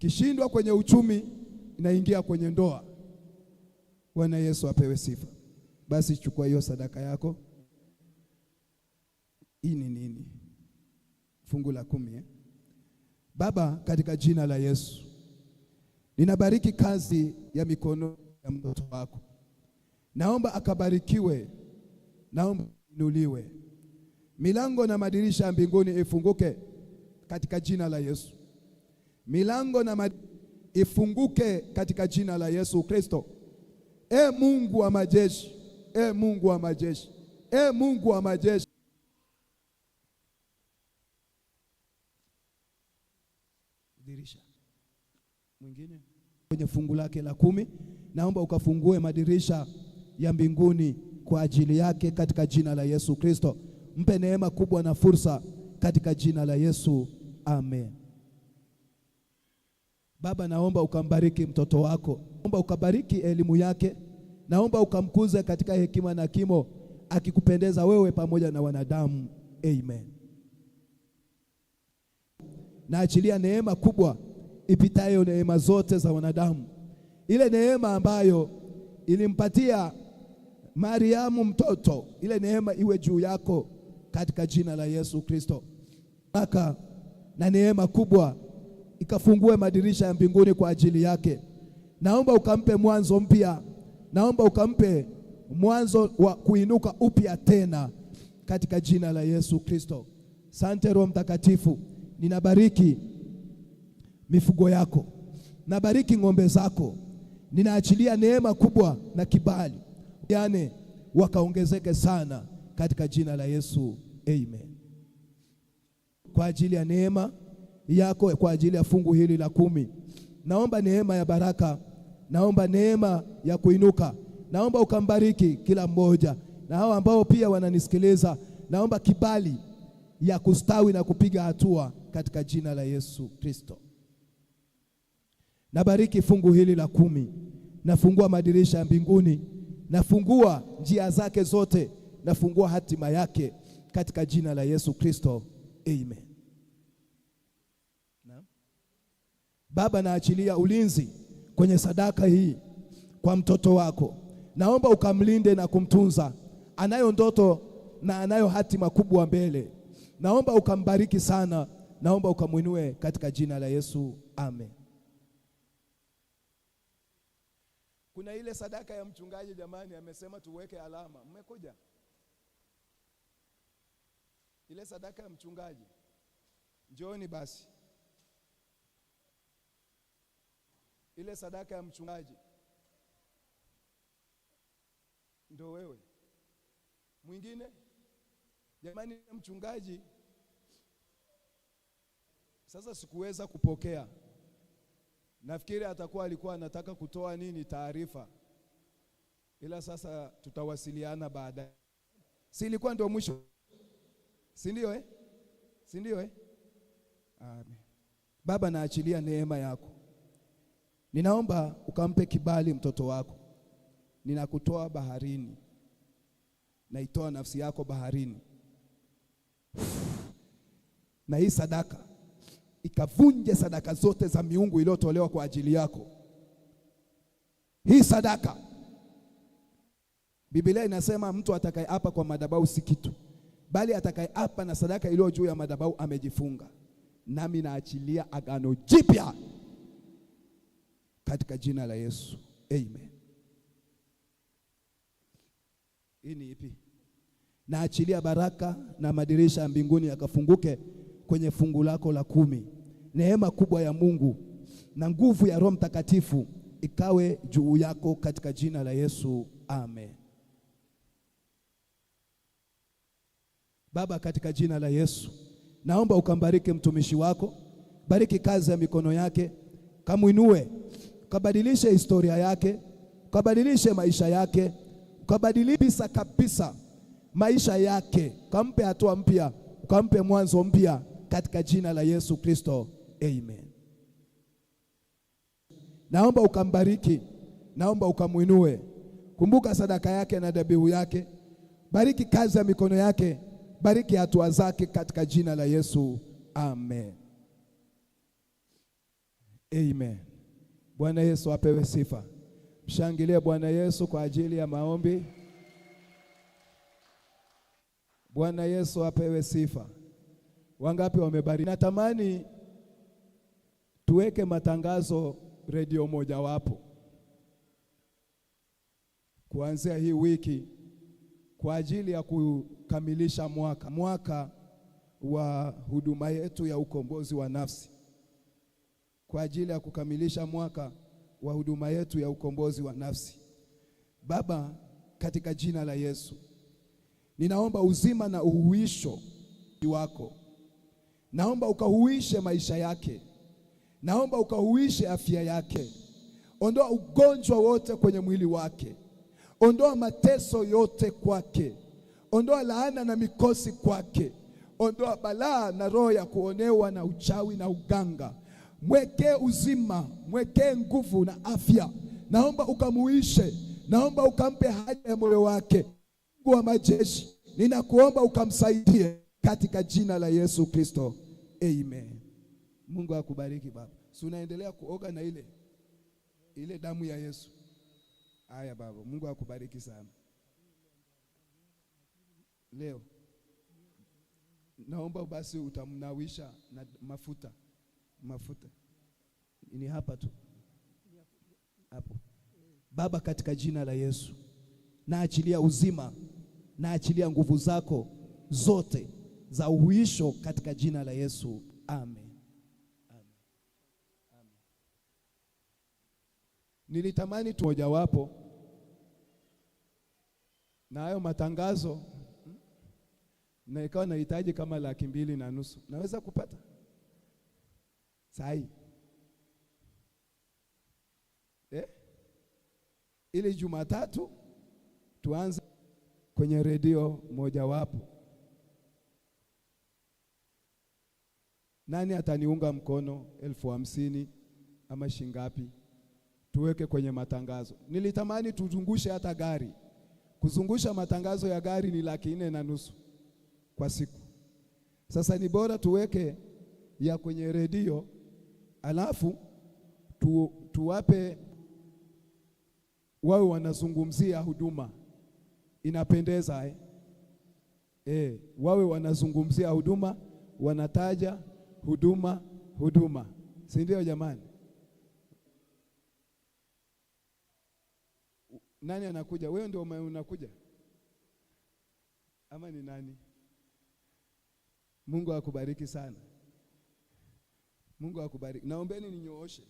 Ikishindwa kwenye uchumi, inaingia kwenye ndoa. Bwana Yesu apewe sifa. Basi chukua hiyo sadaka yako. Hii ni nini? Fungu la kumi eh? Baba, katika jina la Yesu ninabariki kazi ya mikono ya mtoto wako, naomba akabarikiwe, naomba inuliwe, milango na madirisha ya mbinguni ifunguke katika jina la Yesu milango na ifunguke katika jina la Yesu Kristo. E Mungu wa majeshi, e Mungu wa majeshi, e Mungu wa majeshi dirisha mwingine kwenye fungu lake la kumi, naomba ukafungue madirisha ya mbinguni kwa ajili yake katika jina la Yesu Kristo. Mpe neema kubwa na fursa katika jina la Yesu, amen. Baba, naomba ukambariki mtoto wako, naomba ukabariki elimu yake, naomba ukamkuza katika hekima na kimo, akikupendeza wewe pamoja na wanadamu. Amen. Naachilia neema kubwa ipitayo neema zote za wanadamu, ile neema ambayo ilimpatia Mariamu mtoto, ile neema iwe juu yako katika jina la Yesu Kristo. Baraka na neema kubwa ikafungue madirisha ya mbinguni kwa ajili yake. Naomba ukampe mwanzo mpya, naomba ukampe mwanzo wa kuinuka upya tena katika jina la Yesu Kristo. Sante Roho Mtakatifu, ninabariki mifugo yako, nabariki ng'ombe zako, ninaachilia neema kubwa na kibali, yani wakaongezeke sana katika jina la Yesu, amen. Kwa ajili ya neema yako kwa ajili ya fungu hili la kumi. Naomba neema ya baraka, naomba neema ya kuinuka, naomba ukambariki kila mmoja na hao ambao pia wananisikiliza, naomba kibali ya kustawi na kupiga hatua katika jina la Yesu Kristo. Nabariki fungu hili la kumi, nafungua madirisha ya mbinguni, nafungua njia zake zote, nafungua hatima yake katika jina la Yesu Kristo, amen. Baba, naachilia ulinzi kwenye sadaka hii kwa mtoto wako, naomba ukamlinde na kumtunza. Anayo ndoto na anayo hatima kubwa mbele, naomba ukambariki sana, naomba ukamwinue katika jina la Yesu, amen. Kuna ile sadaka ya mchungaji, jamani, amesema tuweke alama. Mmekuja ile sadaka ya mchungaji, njooni basi. ile sadaka ya mchungaji ndo wewe mwingine. Jamani, mchungaji sasa sikuweza kupokea. Nafikiri atakuwa alikuwa anataka kutoa nini taarifa, ila sasa tutawasiliana baadaye. Si ilikuwa ndio mwisho, si ndio eh? si ndio eh? Baba, naachilia neema yako Ninaomba ukampe kibali mtoto wako. Ninakutoa baharini, naitoa nafsi yako baharini, na hii sadaka ikavunje sadaka zote za miungu iliyotolewa kwa ajili yako. Hii sadaka, Biblia inasema mtu atakayeapa kwa madhabahu si kitu, bali atakayeapa na sadaka iliyo juu ya madhabahu amejifunga. Nami naachilia agano jipya katika jina la Yesu Amen. Hii ni ipi? Naachilia baraka na madirisha ya mbinguni yakafunguke kwenye fungu lako la kumi. Neema kubwa ya Mungu na nguvu ya Roho Mtakatifu ikawe juu yako katika jina la Yesu Amen. Baba, katika jina la Yesu naomba ukambariki mtumishi wako, bariki kazi ya mikono yake, kamwinue ukabadilishe historia yake, ukabadilishe maisha yake, ukabadilisha kabisa maisha yake, kampe hatua mpya, kampe mwanzo mpya katika jina la Yesu Kristo, amen. Naomba ukambariki, naomba ukamwinue. Kumbuka sadaka yake na dhabihu yake, bariki kazi ya mikono yake, bariki hatua zake katika jina la Yesu, amen, amen. Bwana Yesu apewe sifa. Mshangilie Bwana Yesu kwa ajili ya maombi. Bwana Yesu apewe sifa. Wangapi wamebariki? Natamani tuweke matangazo redio mojawapo kuanzia hii wiki kwa ajili ya kukamilisha mwaka mwaka wa huduma yetu ya ukombozi wa nafsi kwa ajili ya kukamilisha mwaka wa huduma yetu ya ukombozi wa nafsi. Baba, katika jina la Yesu, ninaomba uzima na uhuisho wako, naomba ukahuishe maisha yake, naomba ukahuishe afya yake. Ondoa ugonjwa wote kwenye mwili wake, ondoa mateso yote kwake, ondoa laana na mikosi kwake, ondoa balaa na roho ya kuonewa na uchawi na uganga mwekee uzima, mwekee nguvu na afya. Naomba ukamuishe, naomba ukampe haja ya moyo wake. Mungu wa majeshi, ninakuomba ukamsaidie katika jina la Yesu Kristo, amen. Mungu akubariki baba. Si unaendelea kuoga na ile ile damu ya Yesu. Haya baba, Mungu akubariki sana. Leo naomba basi utamnawisha na mafuta mafuta ni hapa tu hapo. Baba, katika jina la Yesu naachilia uzima, naachilia nguvu zako zote za uhuisho katika jina la Yesu, amen. Nilitamani tu mojawapo na hayo matangazo hmm, na ikawa nahitaji kama laki mbili na nusu, naweza kupata sahi eh? Ili Jumatatu tuanze kwenye redio mojawapo. Nani ataniunga mkono elfu hamsini ama shingapi? Tuweke kwenye matangazo. Nilitamani tuzungushe hata gari. Kuzungusha matangazo ya gari ni laki nne na nusu kwa siku. Sasa ni bora tuweke ya kwenye redio alafu tu, tuwape wawe wanazungumzia huduma inapendeza eh? Eh, wawe wanazungumzia huduma, wanataja huduma huduma, si ndio jamani? Nani anakuja? Wewe ndio unakuja ama ni nani? Mungu akubariki sana. Mungu akubariki. Naombeni ninyooshe.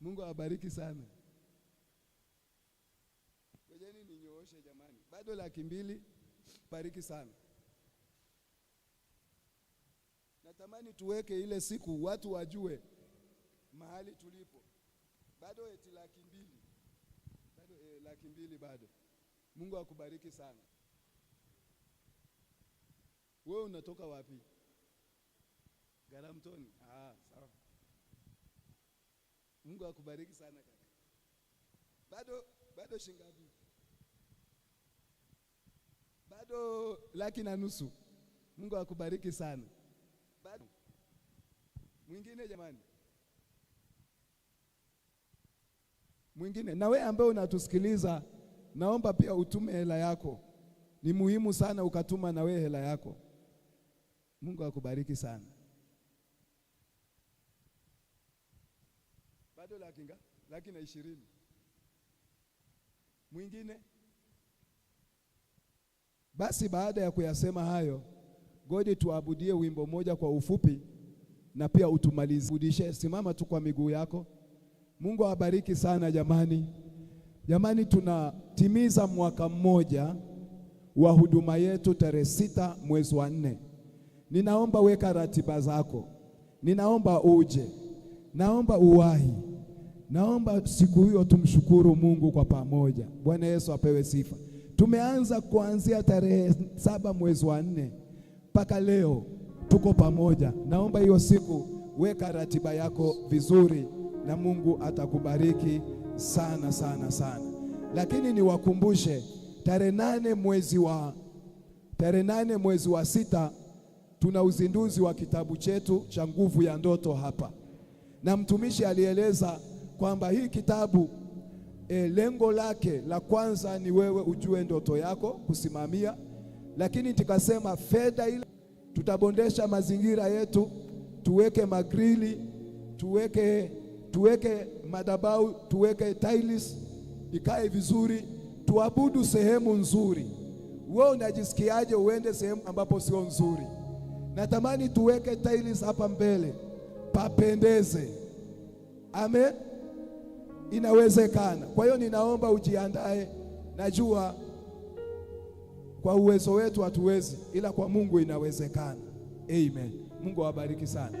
Mungu awabariki sana. Ngojeni ninyooshe jamani, bado laki mbili. Bariki sana. Natamani tuweke ile siku watu wajue mahali tulipo. Bado eti laki mbili bado, eh, laki mbili bado. Mungu akubariki sana. Wewe unatoka wapi? Garamtoni? Ah. Mungu akubariki sana kaka. Bado bado shingapi? Bado laki na nusu. Mungu akubariki sana. Bado mwingine jamani, mwingine. Na wewe ambaye unatusikiliza, naomba pia utume hela yako. Ni muhimu sana ukatuma na wewe hela yako. Mungu akubariki sana. bado laki nga laki na ishirini, mwingine basi. Baada ya kuyasema hayo, godi tuabudie wimbo moja kwa ufupi na pia utumalize budishe. Simama tu kwa miguu yako. Mungu awabariki sana jamani, jamani, tunatimiza mwaka mmoja wa huduma yetu tarehe sita mwezi wa nne. Ninaomba weka ratiba zako, ninaomba uje, naomba uwahi. Naomba siku hiyo tumshukuru Mungu kwa pamoja. Bwana Yesu apewe sifa. Tumeanza kuanzia tarehe saba mwezi wa nne mpaka leo tuko pamoja. Naomba hiyo siku weka ratiba yako vizuri, na Mungu atakubariki sana sana sana. Lakini niwakumbushe tarehe nane mwezi wa tarehe nane mwezi wa sita tuna uzinduzi wa kitabu chetu cha Nguvu ya Ndoto hapa, na mtumishi alieleza kwamba hii kitabu e, lengo lake la kwanza ni wewe ujue ndoto yako kusimamia, lakini tikasema fedha ile tutabondesha mazingira yetu, tuweke magrili, tuweke tuweke madabau, tuweke tiles ikae vizuri, tuabudu sehemu nzuri. Wewe unajisikiaje uende sehemu ambapo sio nzuri? Natamani tuweke tiles hapa mbele papendeze. Amen inawezekana. Kwa hiyo ninaomba ujiandae, najua kwa uwezo wetu hatuwezi, ila kwa Mungu inawezekana. Amen. Mungu awabariki sana.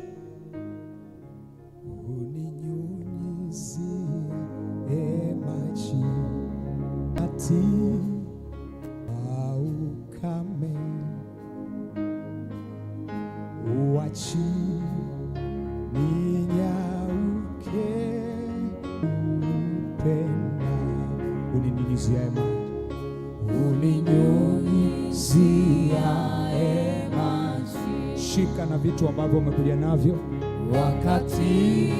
uninyunyiziaye maji, uninyunyiziaye maji. Shika na vitu ambavyo umekuja navyo wakati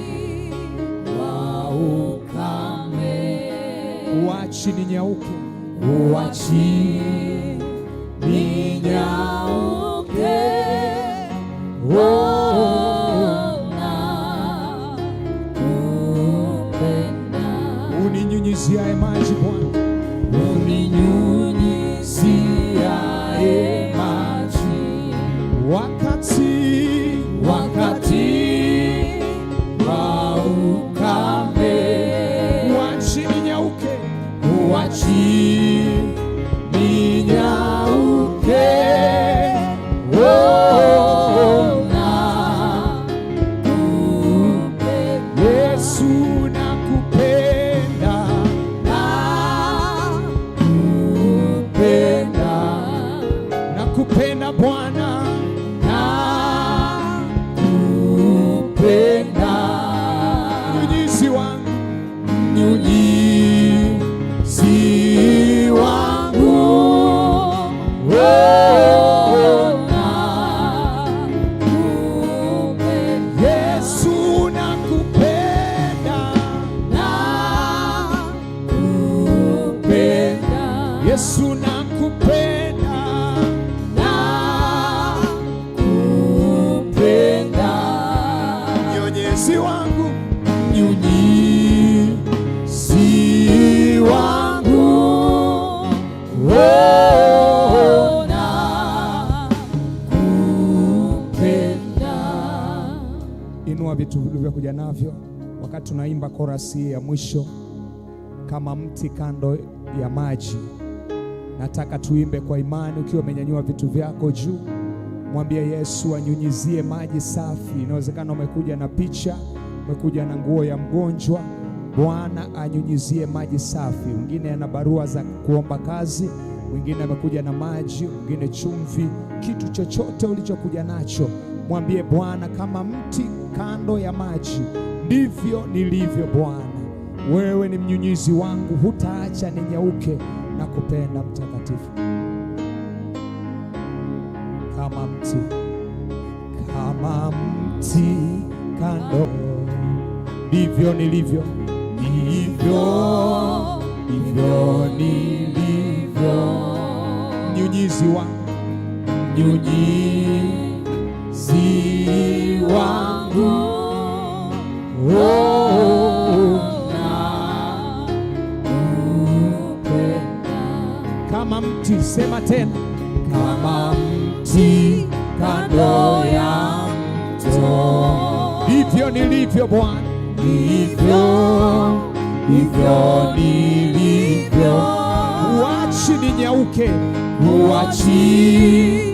wa ukame, uachi ni nyauke uachi ni ninyauke. unisia e a de boa. O unisia e kuinua vitu vilivyokuja navyo wakati tunaimba korasi ya mwisho, kama mti kando ya maji. Nataka tuimbe kwa imani, ukiwa umenyanyua vitu vyako juu, mwambie Yesu anyunyizie maji safi. Inawezekana umekuja na picha, umekuja na nguo ya mgonjwa. Bwana anyunyizie maji safi. wengine ana barua za kuomba kazi, wengine amekuja na maji, wengine chumvi, kitu chochote ulichokuja nacho mwambie Bwana, kama mti kando ya maji ndivyo nilivyo Bwana. Wewe ni mnyunyizi wangu, hutaacha ninyauke na kupenda mtakatifu. Kama mti, kama mti kando, ndivyo nilivyo, ndivyo ndivyo nilivyo, mnyunyizi wangu, mnyunyizi Sema tena, kama mti kando ya mto, ndivyo nilivyo Bwana, ndivyo ndivyo nilivyo. Uachi ninyauke, uachi